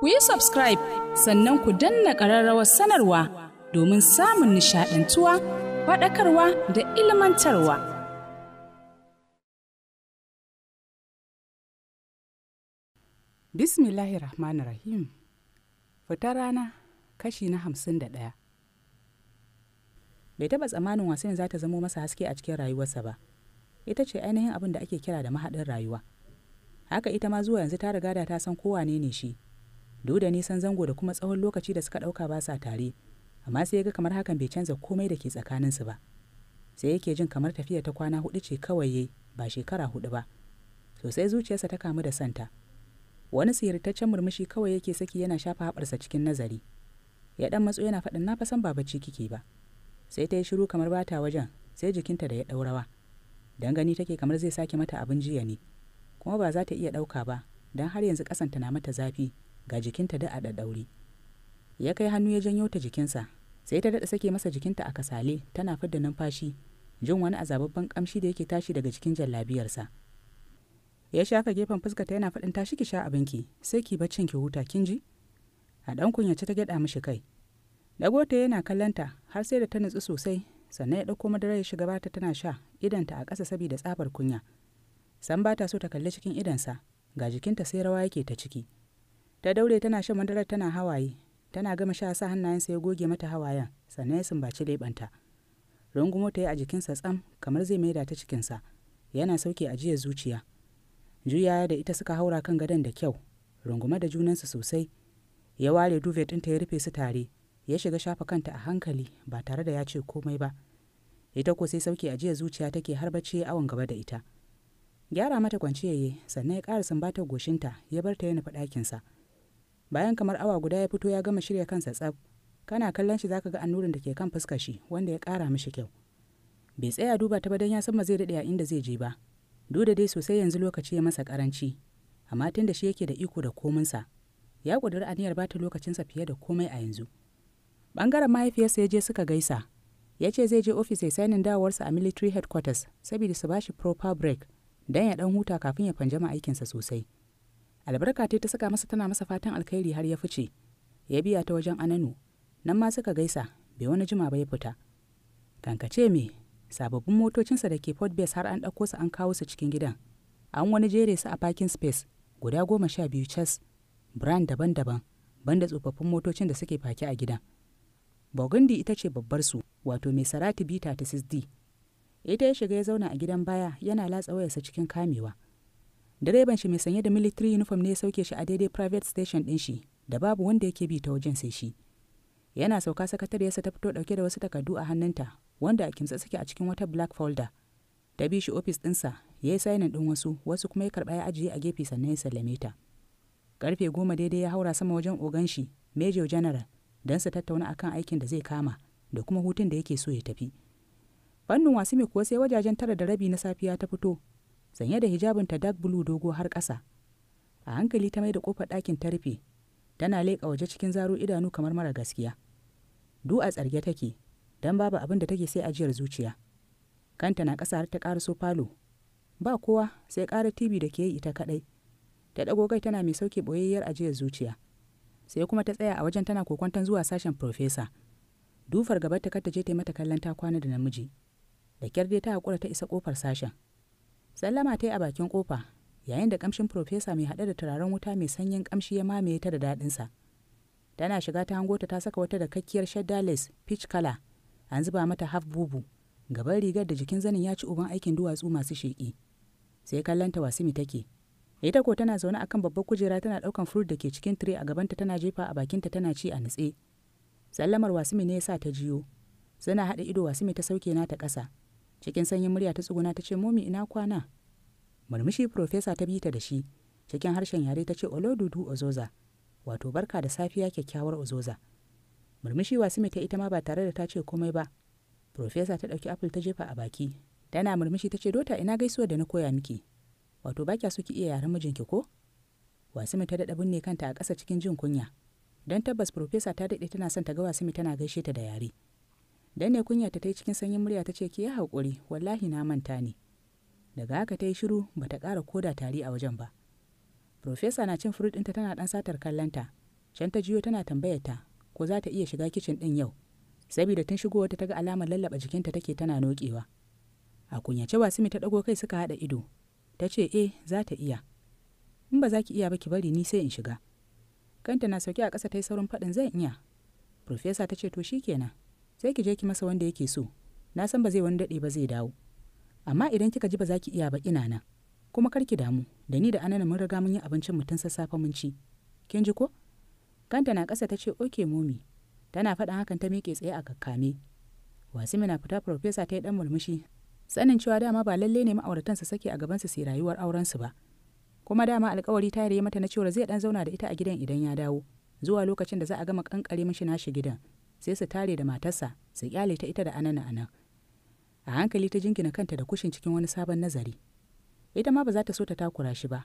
ku yi subscribe sannan ku danna ƙararrawar sanarwa domin samun nishaɗantuwa faɗakarwa da ilmantarwa. Bismillahi Rahmanir Rahim Fita rana kashi na hamsin da ɗaya. Bai taɓa tsamanin wasan za ta zamo masa haske a cikin rayuwarsa ba. Ita ce ainihin abin da ake kira da mahaɗin rayuwa. Haka ita ma zuwa yanzu ta riga da ta san kowane ne shi. duk da nisan zango da kuma tsawon lokaci da suka ɗauka ba sa tare amma sai ya ga kamar hakan bai canza komai da ke tsakaninsu ba sai yake jin kamar tafiya ta kwana hudu ce kawai ba shekara hudu ba sosai zuciyarsa ta kamu da santa wani sihirtaccen murmushi kawai yake saki yana shafa haɓarsa cikin nazari ya ɗan matso yana faɗin na fasan ba bacci kike ba sai ta yi shiru kamar bata wajen sai jikinta da ya ɗaurawa dan gani take kamar zai sake mata abin jiya ne kuma ba za ta iya ɗauka ba don har yanzu ƙasanta na mata zafi ga jikinta da a ɗaɗɗaure ya kai hannu ya janyo ta jikinsa sai ta daɗa sake masa jikinta a kasale tana fidda numfashi jin wani azababban kamshi da yake tashi daga jikin jallabiyarsa ya shafa gefen ta yana faɗin tashi ki sha abinki sai ki baccin ki huta kin ji a ɗan kunyace ta gyaɗa mishi kai dagota yana kallanta har sai da ta nutsu sosai sannan ya ɗauko madara ya shiga bata tana sha idanta a ƙasa saboda tsabar kunya san bata so ta kalli cikin idansa ga jikinta sai rawa yake ta ciki ta daure tana shan madarar tana hawaye tana gama sha sa hannayensa ya goge mata hawayen sannan ya sumbaci leɓanta rungumo ta yi a jikinsa tsam kamar zai maida ta cikinsa yana sauke ajiyar zuciya juya da ita suka haura kan gadon da kyau rungume da junansu sosai ya ware duvet ɗinta ya rufe su tare ya shiga shafa kanta a hankali ba tare da ya ce komai ba ita ko sai sauke ajiyar zuciya take har bacci awon gaba da ita gyara mata kwanciyayye sannan ya ƙara sumbatar goshinta ya bar ta ya nufi ɗakinsa. bayan kamar awa guda ya fito ya gama shirya kansa tsaf kana kallon shi zaka ga annurin da ke kan fuska shi wanda ya kara mishi kyau bai tsaya duba ta ba don ya san ma zai daɗe a inda zai je ba duk da dai sosai yanzu lokaci ya masa ƙaranci amma tun da shi yake da iko da kominsa ya ƙudiri aniyar ba bata lokacinsa fiye da komai a yanzu ɓangaren mahaifiyarsa ya je suka gaisa ya ce zai je ofis ya sainin dawowarsa a military headquarters saboda su bashi proper break don ya ɗan huta kafin ya fanjama aikinsa sosai albarka ta saka masa tana masa fatan alkhairi har ya fice ya biya ta wajen ananu nan ma suka gaisa bai wani jima ba ya fita kankace me sababbin motocinsa da ke fort base har an ɗauko su an kawo su cikin gidan an wani jere su a parking space guda goma sha biyu chess brand daban-daban banda tsofaffin motocin da suke fake a gidan bogundi ita ce babbar su wato mai sarati b 36d ita ya shiga ya zauna a gidan baya yana latsa wayarsa cikin kamewa direban shi mai sanye da military uniform ne ya sauke shi a daidai private station din shi da babu wanda yake bi ta wajen sai shi yana sauka sakatariyarsa ta fito dauke da wasu takardu a hannunta wanda a kimtsa suke a cikin wata black folder ta bi shi ofis dinsa ya yi sainin din wasu wasu kuma ya karɓa ya ajiye a gefe sannan ya sallame ta karfe goma daidai ya haura sama wajen ogan shi major general don su tattauna akan aikin da zai kama da kuma hutun da yake so ya tafi fannin wasu mai kuwa sai wajajen tara da rabi na safiya ta fito sanye da hijabin ta dark blue dogo har ƙasa a hankali ta mai da kofar ɗakin ta rufe tana leƙa waje cikin zaro idanu kamar mara gaskiya du a tsarge take dan babu abin da take sai ajiyar zuciya kanta na ƙasa har ta so falo ba kowa sai ƙara tv da ke yi ita kaɗai ta ɗago kai tana mai sauke ɓoyayyar ajiyar zuciya sai kuma ta tsaya a wajen tana kokwanton zuwa sashen profesa dufar gaba ta je ta mata kallon ta kwana da namiji da kyar dai ta haƙura ta isa ƙofar sashen sallama ta yi a bakin kofa yayin da kamshin profesa mai haɗe da turaren wuta mai sanyin kamshi ya mamaye ta da daɗinsa tana shiga ta hango ta ta saka wata da kakkiyar shadda lace peach color an zuba mata half bubu gaban rigar da jikin zanin ya ci uban aikin duwatsu masu sheki. sai kallanta wasimi take ita ko tana zaune akan babbar kujera tana ɗaukan fruit da ke cikin tire a gabanta tana jefa a bakinta tana ci a nutse sallamar wasimi ne ya sa ta jiyo suna haɗa ido wasimi ta sauke na ta ƙasa cikin sanyin murya ta tsuguna ta ce momi ina kwana murmushi profesa ta bita ta da shi cikin harshen yare ta ce olodudu ozoza wato barka da safiya kyakkyawar ozoza murmushi wasu ta ita ma ba tare da ta ce komai ba profesa ta ɗauki apple ta jefa a baki tana murmushi ta ce dota ina gaisuwa da na koya miki wato ba kya so ki iya yaren mijinki ko wasu ta daɗa binne kanta a ƙasa cikin jin kunya don tabbas profesa ta daɗe tana son ta ga Wasu tana gaishe ta da yare dan ne kunya ta yi cikin sanyin murya ta ce ki yi haƙuri wallahi na manta ne daga haka ta yi shiru ba ta ƙara koda tari a wajen ba Profesa na cin furut ɗinta tana ɗan satar kallonta can ta jiyo tana tambayar ta ko za ta iya shiga kicin ɗin yau saboda tun wata ta ga alamar lallaba jikinta take tana noƙewa a kunyace wasimi ta ɗago kai suka haɗa ido ta ce eh za ta iya in ba za ki iya ba ki bari ni sai in shiga kanta na sauke a ƙasa ta yi saurin faɗin zan iya Profesa ta ce to shikenan sai ki je ki masa wanda yake so na san ba zai wani daɗe ba zai dawo amma idan kika ji ba za ki iya ba ina nan kuma kar ki damu da ni da anana mun riga mun yi abincin mutum tun sassafe mun ci kin ji ko kanta na ƙasa ta ce oke momi tana faɗan hakan ta miƙe tsaye a kakkame wasimi na fita farfesa ta yi ɗan murmushi sanin cewa dama ba lallai ne ma'auratan su sake a gaban su sai rayuwar auren su ba kuma dama alkawari ta yi mata na cewa zai ɗan zauna da ita a gidan idan ya dawo zuwa lokacin da za a gama kankare mishi nashi gidan sai su tare da matarsa su kyale ta ita da anana anan a hankali ta jingina kanta da kushin cikin wani sabon nazari ita ma ba za ta so ta takura shi ba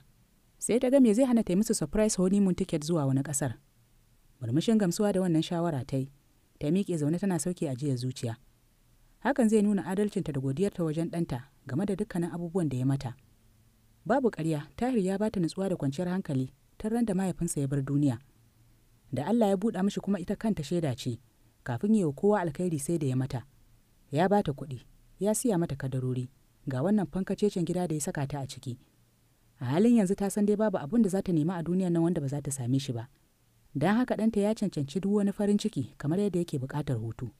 sai ta ga me zai hana ta yi musu surprise honeymoon ticket zuwa wani kasar murmushin gamsuwa da wannan shawara ta yi ta miƙe zaune tana sauke ajiyar zuciya hakan zai nuna adalcinta da godiyarta wajen ɗanta game da dukkanin abubuwan da ya mata babu ƙarya tahir ya bata nutsuwa da kwanciyar hankali ta ran da mahaifinsa ya bar duniya da allah ya buɗa mishi kuma ita kanta shaida ce kafin yi kowa alkhairi sai da ya mata ya ba ta kuɗi ya siya mata kadarori ga wannan fankacecen gida da ya saka ta a ciki a halin yanzu ta san dai babu abin da za ta nema a duniyan nan wanda ba za ta same shi ba don haka ɗanta ya cancanci duk wani farin ciki kamar yadda yake buƙatar hutu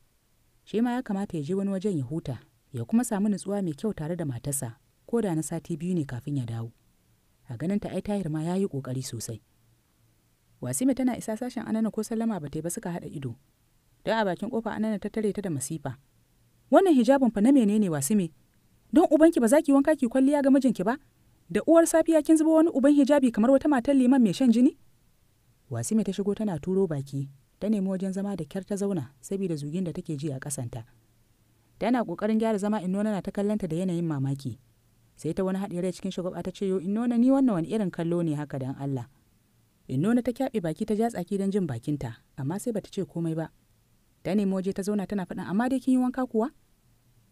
shi ma ya kamata ya je wani wajen ya huta ya kuma samu nutsuwa mai kyau tare da matarsa ko da na sati biyu ne kafin ya dawo a ganin ta ai tahir ma ya yi ƙoƙari sosai wasima tana isa sashen anana ko sallama ba ta yi ba suka haɗa ido da a bakin kofa anana ta tare ta da masifa wannan hijabin fa na menene wasu me don ubanki ba za ki wanka ki kwalliya ga mijinki ba da uwar safiya kin zuba wani uban hijabi kamar wata matar liman mai shan jini wasu wasime ta shigo tana turo baki ta nemi wajen zama da kyar ta zauna saboda zugin da take ji a kasanta tana kokarin gyara zama in nona na ta kallanta da yanayin mamaki sai ta wani haɗe rai cikin shagwaba ta ce yo in nona ni wannan wani irin kallo ne haka dan Allah in nona ta kyaɓe baki ta ja tsaki don jin bakinta amma sai bata ce komai ba ta nemo waje ta zauna tana faɗin amma dai kin yi wanka kuwa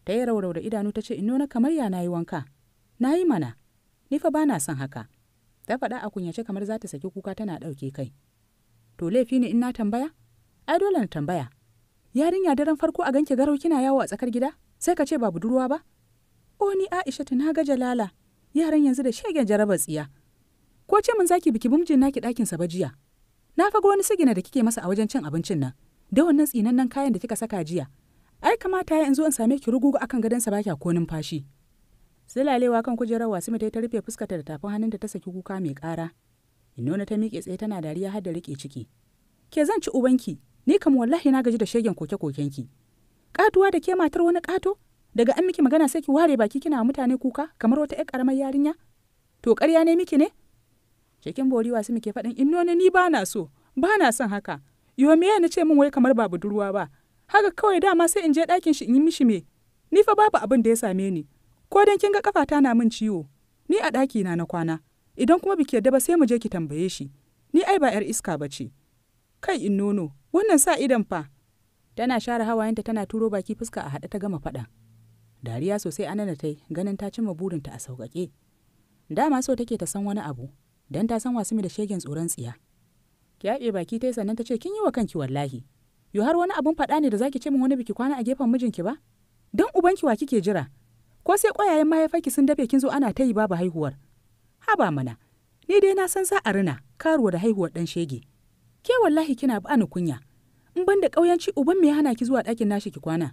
ta yi raurau da idanu ta ce in nuna kamar ya na yi wanka na yi mana ni fa bana son haka ta faɗa a kunyace kamar za ta saki kuka tana ɗauke kai to laifi ne in na tambaya ai dole na tambaya yarinya daren farko a ganki garau kina yawo a tsakar gida sai ka ce ba budurwa ba o oh, ni aisha na ga jalala yaran yanzu da shegen jarabar tsiya ko ce mun zaki biki bumjin naki ɗakin sa ba jiya na faga wani sigina da kike masa a wajen cin abincin nan da wannan tsinannen kayan da kika saka jiya ai kamata yanzu in same ki rugugu akan gadon sa baki ko numfashi silalewa kan kujerar wasima ta rufe fuskarta da tafin hannunta ta saki kuka mai ƙara inona ta miƙe tsaye tana dariya har da riƙe ciki ke zan ci ubanki ni kam wallahi na gaji da shegen koke-kokenki katuwa da ke matar wani kato daga an miki magana sai ki ware baki kina mutane kuka kamar wata 'yar karamar yarinya to ƙarya ne miki ne cikin boriwa su muke faɗin inona ni ba na so ba na son haka yomiya na ce min wai kamar ba budurwa ba haka kawai dama sai in je ɗakin shi in yi mishi me ni fa babu abin da ya same ni ko dan kin ga kafata na min ciwo ni a ɗaki na na kwana idan kuma biki da ba sai mu je ki tambaye shi ni ai ba yar iska ba ce kai in nono wannan sa idan fa tana share hawayenta tana turo baki fuska a haɗe ta gama faɗa dariya sosai anana tai ganin ta cimma burinta a sauƙaƙe dama so take ta san wani abu dan ta san wasu da shegen tsoron tsiya Ya ɗe baki ta sannan ta ce kin yi wa kanki wallahi yo har wani abun faɗa ne da zaki ce min wani biki kwana a gefen mijinki ba dan ubanki wa kike jira ko sai ƙwayayen mahaifarki sun dafe kin zo ana ta yi babu haihuwar haba mana ni dai na san sa a rina karuwa da haihuwar ɗan shege ke wallahi kina ba ni kunya in ban da ƙauyanci uban me ya hana ki zuwa ɗakin nashi ki kwana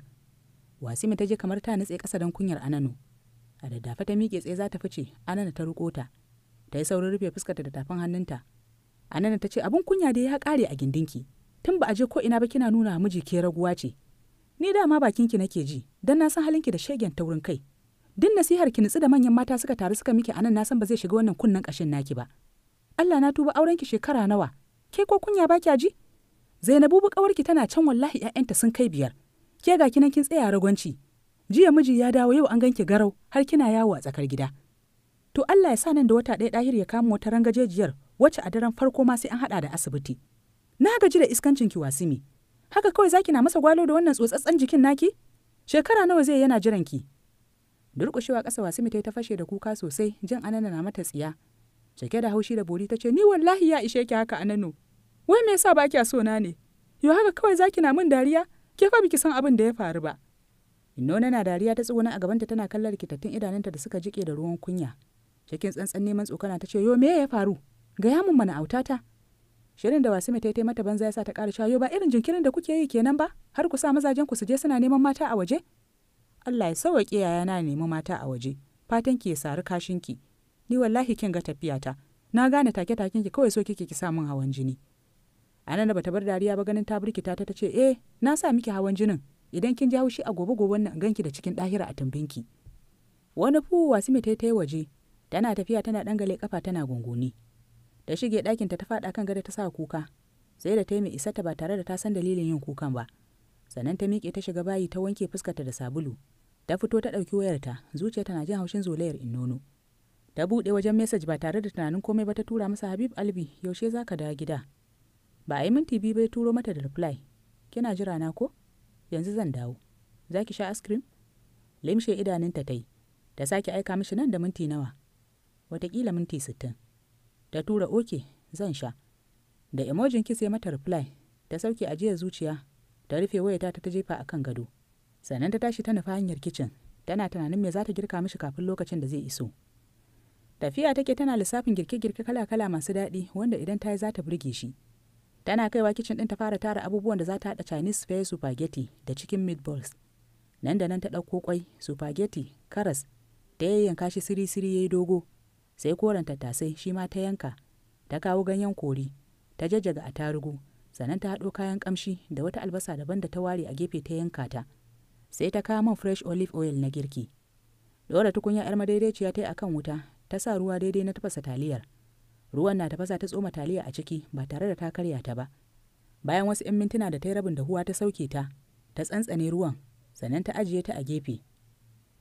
wasima ta je kamar ta nutse ƙasa don kunyar anano a daddafa ta miƙe tsaye za ta fice anana ta riƙo ta ta yi saurin rufe fuskarta da tafin hannunta Anana ta ce abin kunya dai ya kare a gindinki. Tun ba a je ko ina ba kina nuna miji ke raguwa ce. Ni dama bakinki nake ji, dan na san halinki da shegen taurin kai. Duk nasihar ki nitsi da manyan mata suka taru suka miki anan na san ba zai shiga wannan kunnen ƙashin naki ba. Allah na tuba auren ki shekara nawa. Ke ko kunya ba kya ji? Zainabu bu ki tana can wallahi ‘ya'yanta sun kai biyar. Ke ga kinan kin tsaya ragwanci. Jiya miji ya dawo yau an ganki garau har kina yawo a tsakar gida. To Allah ya sa nan da wata ɗaya ɗahir ya kama wata rangajejiyar wacce a daren farko ma sai an haɗa da asibiti na gaji da iskancin ki wasimi haka kawai zaki na masa gwalo da wannan tsotsatsan jikin naki shekara nawa zai yana jiran ki durƙushewa ƙasa wasimi ta ta fashe da kuka sosai jin anana na mata tsiya cike da haushi da bori ta ce ni wallahi ya ishe ki haka anano wai me yasa ba kya so na ne yo haka kawai zaki na min dariya ke fa biki san abin da ya faru ba Nona na dariya ta tsuguna a gabanta tana kallon kitattun idanunta da suka jike da ruwan kunya. Cikin tsantsan neman tsokana ta ce, "Yo me ya faru?" gaya mun mana autata shirin da wasu mai taitai mata banza ya sa ta ƙara shayo ba irin jinkirin da kuke yi kenan ba har ku sa mazajen ku su je suna neman mata a waje Allah ya sauwaƙe na nemi mata a waje fatan ki ya sari kashin ki ni wallahi kin ga tafiyata na gane take taken ki kawai so kike ki sa min hawan jini anan da bata bar dariya ba ganin ta birkita ta ce eh na sa miki hawan jinin idan kin ji haushi a gobe gobe nan ganki da cikin dahira a tumbinki wani fu wasu mai taitai waje tana tafiya tana dangale kafa tana gunguni da shige ɗakinta ta faɗa kan gado ta sa kuka sai da ta yi mai isa ta ba tare da ta san dalilin yin kukan ba sannan ta miƙe ta shiga bayi ta wanke fuskarta da sabulu ta fito ta ɗauki wayarta zuciya tana jin haushin zolayar nono ta buɗe wajen mesaj ba tare da tunanin komai ba ta tura masa habib albi yaushe za ka dawo gida ba a yi minti biyu bai turo mata da reply kina jira na ko yanzu zan dawo za ki sha askirim? limshe idanunta ta yi ta sake aika mishi nan da minti nawa watakila minti sittin ta tura oke zan sha da emojin kise mata reply ta sauke ajiyar zuciya ta rufe wayata ta jefa akan gado sannan ta tashi ta nufa hanyar kicin tana tunanin me za ta girka mishi kafin lokacin da zai iso tafiya take tana lissafin girke-girke kala-kala masu daɗi wanda idan ta yi za ta burge shi tana kaiwa kicin ɗin ta fara tara abubuwan da za ta haɗa chinese fare, spaghetti da chicken meatballs nan da nan ta ɗauko kwai spaghetti karas ta yayyanka shi siri-siri ya yi dogo sai koren tattasai shi ma ta yanka ta kawo ganyen kori ta jajjaga a tarugu sannan ta haɗo kayan ƙamshi da wata albasa daban da ta ware a gefe ta yanka ta sai ta kawo man fresh olive oil na girki ɗora tukunya yar madaidaiciya ta yi akan wuta ta sa ruwa daidai na tafasa taliyar ruwan na tafasa ta tsoma taliya a ciki ba tare da ta karya ta ba bayan wasu 'yan mintuna da ta yi rabin dahuwa ta sauke ta ta tsantsane ruwan sannan ta ajiye ta a gefe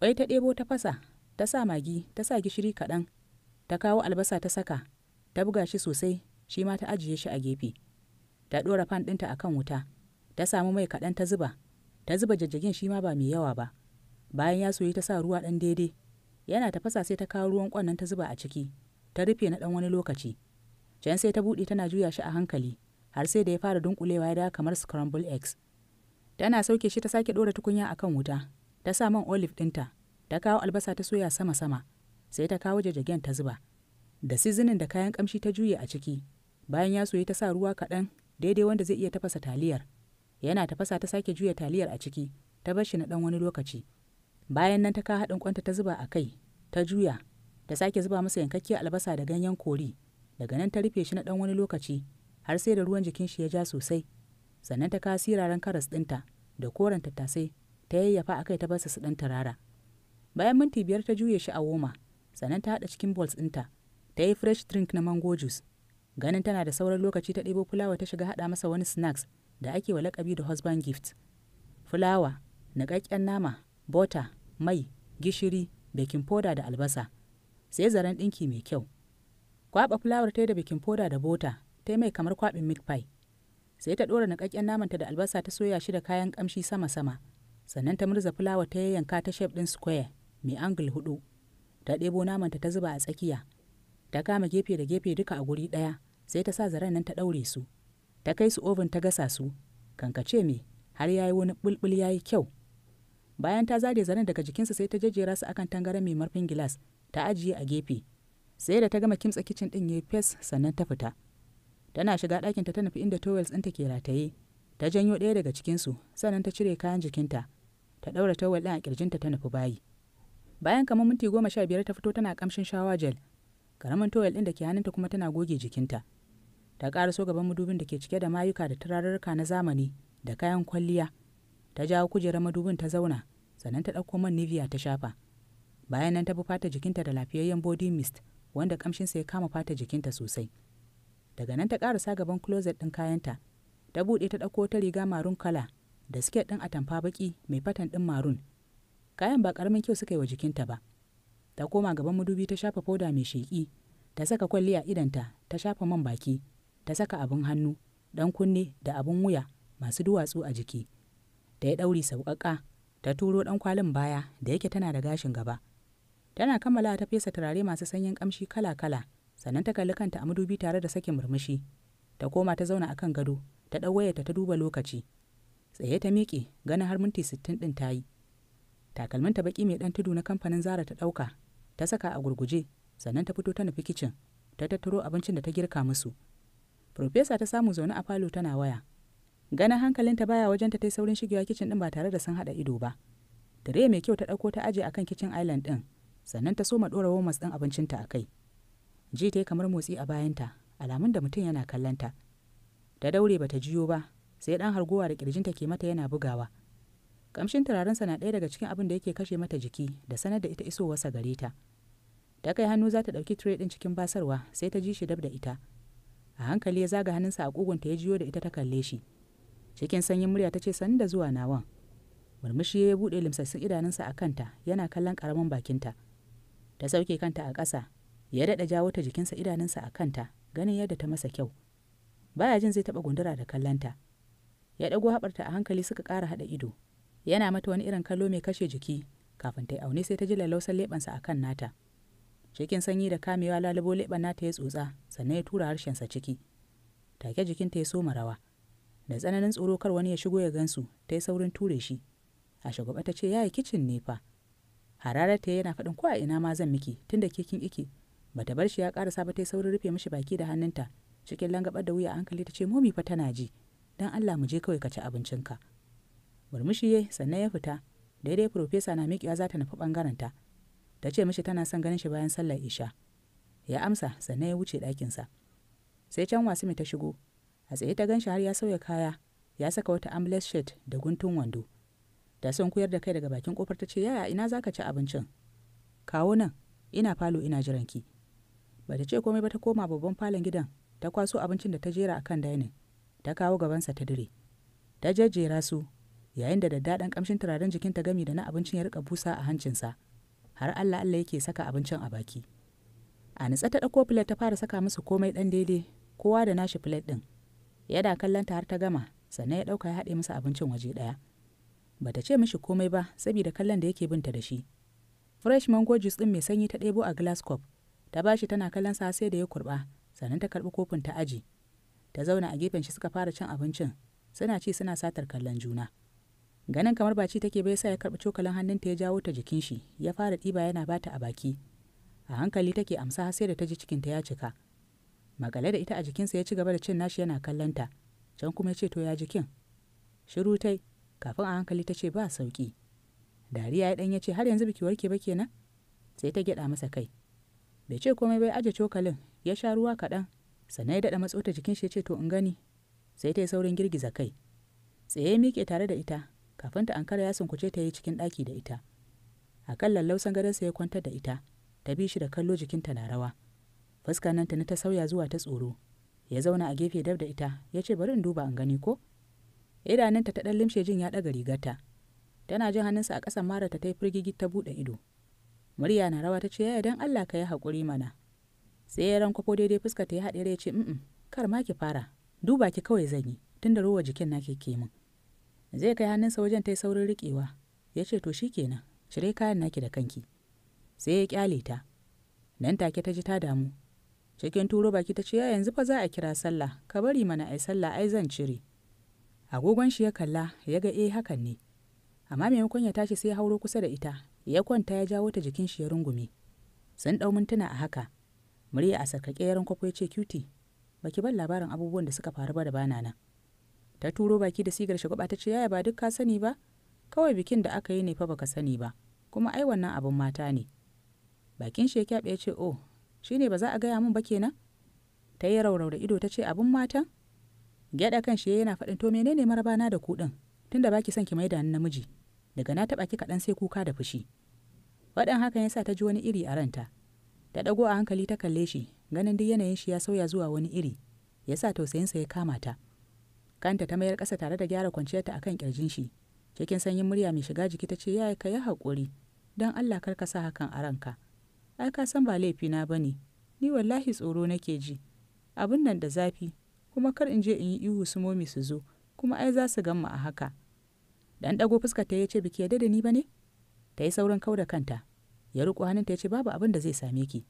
ƙwai ta ɗebo ta fasa ta sa magi ta sa gishiri kaɗan ta kawo albasa ta saka ta buga shi sosai shi ma ta ajiye shi a gefe ta ɗora fan ɗinta a kan wuta ta samu mai kaɗan ta zuba ta zuba jajjagen shi ma ba mai yawa ba bayan ya soyi ta sa ruwa ɗan daidai yana tafasa sai ta kawo ruwan ƙwannan ta zuba a ciki ta rufe na ɗan wani lokaci can sai ta buɗe tana juya shi a hankali har sai da ya fara dunkulewa ya da kamar scramble eggs tana sauke shi ta sake ɗora tukunya a kan wuta ta sa man olive ɗinta ta kawo albasa ta soya sama-sama sai ta kawo jajjagen ta zuba da sizinin da kayan kamshi ta juye a ciki bayan ya soyi ta sa ruwa kaɗan daidai wanda zai iya tafasa taliyar yana tafasa ta sake juya taliyar a ciki ta bar shi na ɗan wani lokaci bayan nan ta ka haɗin kwanta ta zuba a kai ta juya ta sake zuba masa yankakkiyar albasa da ganyen kori daga nan ta rufe shi na ɗan wani lokaci har sai da ruwan jikin shi ya ja sosai sannan ta kawo siraran karas ɗinta da koren tattasai ta yayyafa a kai ta barsa su ɗan turara bayan minti biyar ta juye shi a woma sannan ta haɗa cikin bowls ɗinta ta yi fresh drink na mango juice ganin tana da sauran lokaci ta ɗebo fulawa ta shiga haɗa masa wani snacks da ake wa lakabi da husband gift fulawa niƙaƙƙen nama bota mai gishiri baking powder da albasa sai zaren ɗinki mai kyau kwaɓa fulawar ta da baking powder da bota ta mai kamar kwaɓin meat pie sai ta ɗora niƙaƙƙen namanta da albasa ta soya shi da kayan ƙamshi sama-sama sannan ta murza fulawa ta yayyanka ta shef ɗin square mai angle huɗu. ta ɗebo namanta ta zuba a tsakiya ta kama gefe da gefe duka a guri ɗaya sai ta sa zaren nan ta ɗaure su ta kai su oven ta gasa su kankace me har ya yi wani bulbul ya yi kyau bayan ta zare zaren daga jikinsa sai ta jejjera su akan tangare mai marfin gilas ta ajiye a gefe sai da ta gama kimtsa kicin ɗin ya yi fes sannan ta fita tana shiga ɗakinta ta nufi inda towels ɗinta ke rataye ta janyo ɗaya daga cikinsu sannan ta cire kayan jikinta ta ɗaura towel ɗin a ƙirjinta ta nufi bayi bayan kamar minti goma sha biyar ta fito tana kamshin shawa gel karamin towel ɗin da ke hannunta kuma tana goge jikinta ta ƙaraso gaban madubin da ke cike da mayuka da turarurruka na zamani da kayan kwalliya ta jawo kujerar madubin ta zauna sannan ta ɗauko man nivia ta shafa bayan nan ta bi fata jikinta da lafiyayyen body mist wanda kamshin sa ya kama fata jikinta sosai daga nan ta ƙarasa gaban closet ɗin kayanta ta buɗe ta ɗauko ta riga marun kala da siket ɗin atamfa baƙi mai fatan ɗin marun kayan ba ƙaramin kyau suka yi wa jikinta ba ta koma gaban madubi ta shafa foda mai sheƙi ta saka kwalliya idanta ta shafa man baki ta saka abin hannu dan kunne da abin wuya masu duwatsu a jiki ta yi ɗauri sauƙaƙa ta turo ɗan kwalin baya da yake tana da gashin gaba tana kammala ta fesa turare masu sanyin ƙamshi kala-kala sannan ta kalli kanta a madubi tare da sakin murmushi ta koma ta zauna akan gado ta ɗau wayarta ta duba lokaci tsaye ta miƙe ganin har minti sittin ɗin ta yi ta baki mai dan tudu na kamfanin zara ta dauka ta saka a gurguje sannan ta fito ta nufi kicin ta tattaro abincin da ta girka musu Profesa ta samu zaune a falo tana waya ganin ta baya wajen ta yi saurin shigewa kicin din ba tare da sun hada ido ba tire mai kyau ta dauko ta aje akan kicin island din sannan ta soma ɗora womas ɗin abincinta a kai ji ta yi kamar motsi a bayanta alamun da mutum yana kallanta ta daure bata jiyo ba sai dan hargowa da ƙirjinta ke mata yana bugawa kamshin turarensa na ɗaya daga cikin abin da yake kashe mata jiki da sanar da ita isowarsa gare ta ta kai hannu za ta ɗauki tire ɗin cikin basarwa sai ta ji shi dab da ita a hankali ya zaga hannunsa a ta ya jiyo da ita ta kalle shi cikin sanyin murya ta ce sani da zuwa nawan murmushi ya buɗe limsassun idanunsa a kanta yana kallon ƙaramin bakinta ta sauke kanta a ƙasa ya daɗa jawo ta jikinsa idanunsa a kanta ganin yadda ta masa kyau baya jin zai taɓa gundura da kallanta ya ɗago haɓarta a hankali suka ƙara haɗa ido yana mata wani irin kallo mai kashe jiki kafin ta yi aune sai ta ji lallausan leɓensa a kan nata cikin sanyi da kamewa lalubo leɓen nata ya tsotsa sannan ya tura harshensa ciki take jikinta ya soma rawa da tsananin tsoro kar wani ya shigo ya gansu ta yi saurin ture shi a shugaba ta ce yaya kicin ne fa hararar ta yana faɗin ko a ina ma zan miki tun da ke iki ike bata bar shi ya ƙarasa ba ta yi saurin rufe mishi baki da hannunta cikin langabar da wuya hankali ta ce momi fa tana ji don allah mu je kawai ka ci abincinka murmushi ya sannan ya fita daidai Profesa na miƙewa za ta nufi ɓangarenta ta ce mishi tana son ganin shi bayan sallar isha ya amsa sannan ya wuce ɗakinsa sai can wasimi ta shigo a tsaye ta ganshi har ya sauya kaya ya saka wata ambulance shirt da guntun wando Ta son koyar da kai daga bakin kofar ta ce yaya ina zaka ci abincin kawo nan ina falo ina jiran ki ba ce komai ba ta koma babban falon gidan ta kwaso abincin da ta jera a kan dining ta kawo gabansa ta dire ta jejjera su yayin da daddaɗan ƙamshin turaren jikin ta gami da na abincin ya rika busa a hancinsa har allah allah yake saka abincin a baki a nitsa ta ɗauko filet ta fara saka musu komai ɗan daidai kowa da nashi filet ɗin yana kallon ta har ta gama sannan ya ɗauka ya haɗe musu abincin waje ɗaya bata ce mishi komai ba saboda kallon da yake binta da shi fresh mango juice ɗin mai sanyi ta ɗebo a glass cup ta bashi tana kallon sa sai da ya kurɓa sannan ta karɓi kofin ta aji ta zauna a gefen shi suka fara cin abincin suna ci suna satar kallon juna ganin kamar baci ci take bai sa ya karɓi cokalin hannunta ya jawo ta jikin shi ya fara ɗiba yana bata a baki a hankali take amsa har sai da ta ji cikinta ya cika makale da ita a jikinsa ya ci gaba da cin nashi yana kallon ta can kuma ya ce to ya jikin shiru tai kafin a hankali ta ce ba sauki dariya ya ɗan ya ce har yanzu biki warke ba kenan sai ta gyaɗa masa kai bai ce komai bai aje cokalin ya sha ruwa kaɗan sannan ya daɗa matso ta jikin shi ya ce to in gani sai ta yi saurin girgiza kai tsaye miƙe tare da ita kafin ta ankara ya sunkuce ta yi cikin ɗaki da ita A kan lallausan gadonsa ya kwantar da ita ta bi shi da kallo jikinta na rawa fuska nan tuni ta sauya zuwa ta tsoro ya zauna a gefe dab da ita ya ce bari in duba an gani ko idanunta ta ɗan limshe jin ya ɗaga rigarta tana jin hannunsa a ƙasan mara ta yi firgigi ta buɗe ido murya na rawa ta ce yaya don allah ka yi haƙuri mana sai ya rankwafo daidai fuska ta ya haɗe ya ce kar ma ki fara duba ki kawai zan yi Tunda da ruwa jikin na ke min zai kai hannunsa wajen ta yi saurin riƙewa ya ce to shi kenan, cire kayan naki da kanki sai ya kyale ta nan take ta ji ta damu cikin turo baki ta ce ya yanzu fa za a kira sallah ka bari mana ai sallah ai zan cire agogon shi ya kalla ya ga eh hakan ne amma maimakon ya tashi sai ya hauro kusa da ita ya kwanta ya jawo ta jikin shi ya rungume sun ɗau mintuna a haka murya a sarkake yaran kwakwai ce cutie baki ban labarin abubuwan da suka faru ba da bana nan ta turo baki da sigar shagwaba ta ce yaya ba duk ka sani ba kawai bikin da aka yi ne fa baka sani ba kuma ai wannan abin mata ne bakin shekyaɓe ya ce oh ne ba za a gaya min ba kenan ta yi raurau da ido ta ce abin matan gyaɗa kan shi yana faɗin to menene marabana da kuɗin tunda baki son ki maida ni namiji daga na taɓa ki kaɗan sai kuka da fushi waɗan hakan sa ta ji wani iri a ranta ta ɗago a hankali ta kalle shi ganin duk yanayin shi ya sauya zuwa wani iri yasa tausayinsa ya kama ta kanta ta mayar ƙasa tare da gyara ta akan kirjin shi cikin sanyin murya mai shiga jiki ta ce ya ka yi haƙuri don allah kar ka sa hakan a ranka ai ka san ba laifina ba ne ni wallahi tsoro nake ji abin nan da zafi kuma kar in je in yi ihu su momi su zo kuma ai za su gamma a haka dan dago fuskar ta ce biki yadda da ni bane ta yi saurin kau da kanta ya riko hannunta ya ce babu abin da zai same ki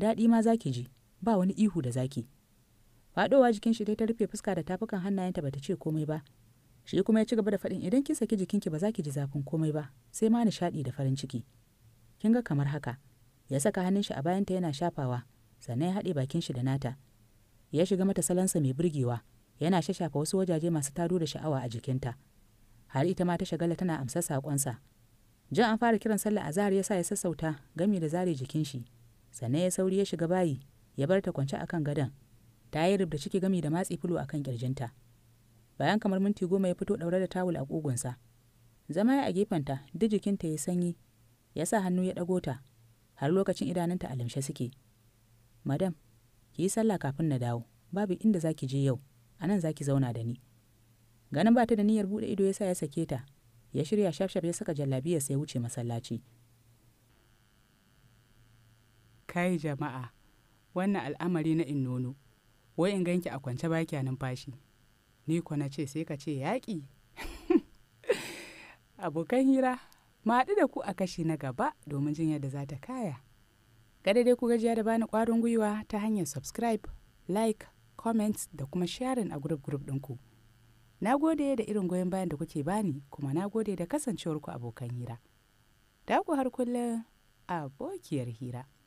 daɗi ma zaki ji ba wani ihu da zaki faɗowa jikin shi dai ta rufe fuska da tafukan hannayenta bata ce komai ba shi kuma ya ci gaba da faɗin idan kin saki jikinki ba za ki ji zafin komai ba sai ma nishaɗi da farin ciki kin ga kamar haka ya saka hannun shi a bayanta yana shafawa sannan ya haɗe bakin shi da nata ya shiga mata salansa mai burgewa yana shashafa wasu wajaje masu taro da sha'awa a jikinta har ita ma ta shagala tana amsa saƙonsa jan an fara kiran sallah azhar ya sa ya sassauta gami da zare jikin shi sannan ya sauri ya shiga bayi ya bar ta kwance akan gadon ta yi rubda ciki gami da matsi filo a kan ƙirjinta bayan kamar minti goma ya fito ɗaure da tawul a ƙugunsa zama ya a gefenta duk jikinta ya sanyi ya sa hannu ya ɗago ta har lokacin idanunta a limshe suke madam ki yi sallah kafin na dawo babu inda za ki je yau a nan za ki zauna da ni ganin ba ta da niyyar buɗe ido ya sa ya sake ta ya shirya shafshaf ya saka jallabiya sai wuce masallaci kai jama'a wannan al'amari na in nono wai in ganki a kwance ba kya numfashi ni ko na ce sai ka ce yaƙi abokan hira ma haɗu da ku a kashi na gaba domin jin yadda za ta kaya kada dai ku gajiya da bani ƙwarin gwiwa ta hanyar subscribe like comment da kuma sharing a group group ɗinku na gode da irin goyon bayan da kuke bani kuma na gode da kasancewarku abokan hira da ku har kullum abokiyar hira